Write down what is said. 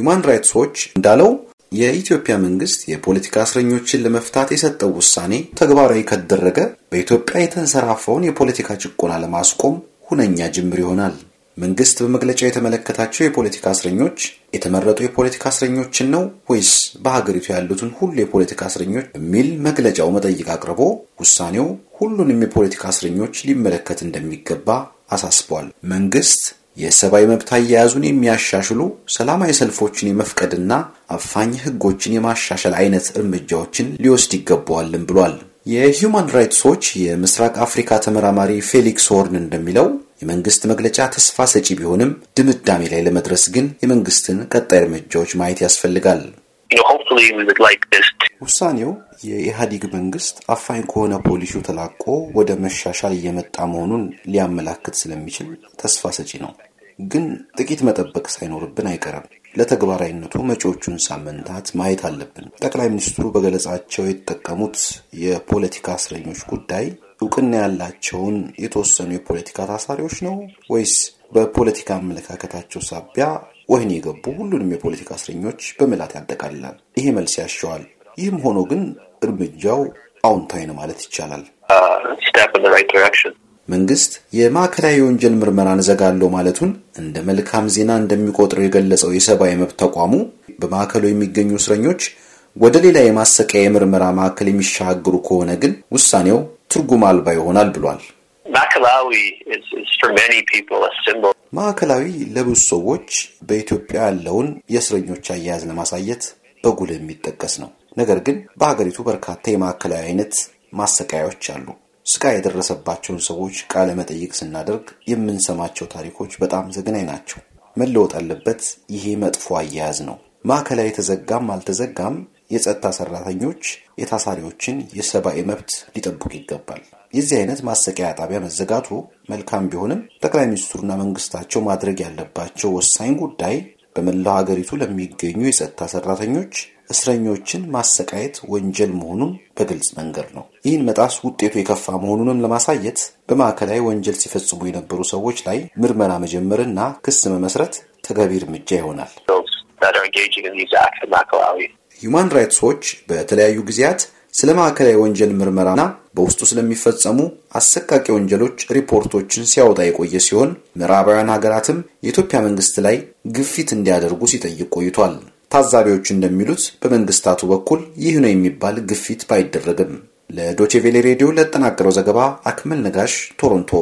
ሁማን ራይትስ ዎች እንዳለው የኢትዮጵያ መንግስት የፖለቲካ እስረኞችን ለመፍታት የሰጠው ውሳኔ ተግባራዊ ከተደረገ በኢትዮጵያ የተንሰራፈውን የፖለቲካ ጭቆና ለማስቆም ሁነኛ ጅምር ይሆናል። መንግስት በመግለጫው የተመለከታቸው የፖለቲካ እስረኞች የተመረጡ የፖለቲካ እስረኞችን ነው ወይስ በሀገሪቱ ያሉትን ሁሉ የፖለቲካ እስረኞች በሚል መግለጫው መጠይቅ አቅርቦ ውሳኔው ሁሉንም የፖለቲካ እስረኞች ሊመለከት እንደሚገባ አሳስቧል። መንግስት የሰብአዊ መብት አያያዙን የሚያሻሽሉ ሰላማዊ ሰልፎችን የመፍቀድና አፋኝ ህጎችን የማሻሻል አይነት እርምጃዎችን ሊወስድ ይገባዋልም ብሏል። የሂዩማን ራይትስ ዎች የምስራቅ አፍሪካ ተመራማሪ ፌሊክስ ሆርን እንደሚለው የመንግስት መግለጫ ተስፋ ሰጪ ቢሆንም ድምዳሜ ላይ ለመድረስ ግን የመንግስትን ቀጣይ እርምጃዎች ማየት ያስፈልጋል። ውሳኔው የኢህአዴግ መንግስት አፋኝ ከሆነ ፖሊሲው ተላቆ ወደ መሻሻል እየመጣ መሆኑን ሊያመላክት ስለሚችል ተስፋ ሰጪ ነው። ግን ጥቂት መጠበቅ ሳይኖርብን አይቀርም። ለተግባራዊነቱ መጪዎቹን ሳምንታት ማየት አለብን። ጠቅላይ ሚኒስትሩ በገለጻቸው የተጠቀሙት የፖለቲካ እስረኞች ጉዳይ እውቅና ያላቸውን የተወሰኑ የፖለቲካ ታሳሪዎች ነው ወይስ በፖለቲካ አመለካከታቸው ሳቢያ ወህኒ የገቡ ሁሉንም የፖለቲካ እስረኞች በምላት ያጠቃልላል? ይሄ መልስ ያሸዋል። ይህም ሆኖ ግን እርምጃው አውንታዊ ነው ማለት ይቻላል። uh, መንግስት የማዕከላዊ የወንጀል ምርመራን ዘጋለው ማለቱን እንደ መልካም ዜና እንደሚቆጥረው የገለጸው የሰብአዊ መብት ተቋሙ በማዕከሉ የሚገኙ እስረኞች ወደ ሌላ የማሰቂያ የምርመራ ማዕከል የሚሻገሩ ከሆነ ግን ውሳኔው ትርጉም አልባ ይሆናል ብሏል። ማዕከላዊ ለብዙ ሰዎች በኢትዮጵያ ያለውን የእስረኞች አያያዝ ለማሳየት በጉልህ የሚጠቀስ ነው። ነገር ግን በሀገሪቱ በርካታ የማዕከላዊ አይነት ማሰቃያዎች አሉ። ስቃይ የደረሰባቸውን ሰዎች ቃለ መጠይቅ ስናደርግ የምንሰማቸው ታሪኮች በጣም ዘግናኝ ናቸው። መለወጥ አለበት። ይሄ መጥፎ አያያዝ ነው። ማዕከላዊ ተዘጋም አልተዘጋም የጸጥታ ሰራተኞች የታሳሪዎችን የሰብአዊ መብት ሊጠብቁ ይገባል። የዚህ አይነት ማሰቂያ ጣቢያ መዘጋቱ መልካም ቢሆንም ጠቅላይ ሚኒስትሩና መንግስታቸው ማድረግ ያለባቸው ወሳኝ ጉዳይ በመላው ሀገሪቱ ለሚገኙ የጸጥታ ሰራተኞች እስረኞችን ማሰቃየት ወንጀል መሆኑን በግልጽ መንገድ ነው። ይህን መጣስ ውጤቱ የከፋ መሆኑንም ለማሳየት በማዕከላዊ ወንጀል ሲፈጽሙ የነበሩ ሰዎች ላይ ምርመራ መጀመርና ክስ መመስረት ተገቢ እርምጃ ይሆናል። ሂውማን ራይትስ ዎች በተለያዩ ጊዜያት ስለ ማዕከላዊ ወንጀል ምርመራና በውስጡ ስለሚፈጸሙ አሰቃቂ ወንጀሎች ሪፖርቶችን ሲያወጣ የቆየ ሲሆን ምዕራባውያን ሀገራትም የኢትዮጵያ መንግስት ላይ ግፊት እንዲያደርጉ ሲጠይቅ ቆይቷል። ታዛቢዎች እንደሚሉት በመንግስታቱ በኩል ይህ ነው የሚባል ግፊት ባይደረግም ለዶቼቬሌ ሬዲዮ ለጠናቀረው ዘገባ አክመል ነጋሽ ቶሮንቶ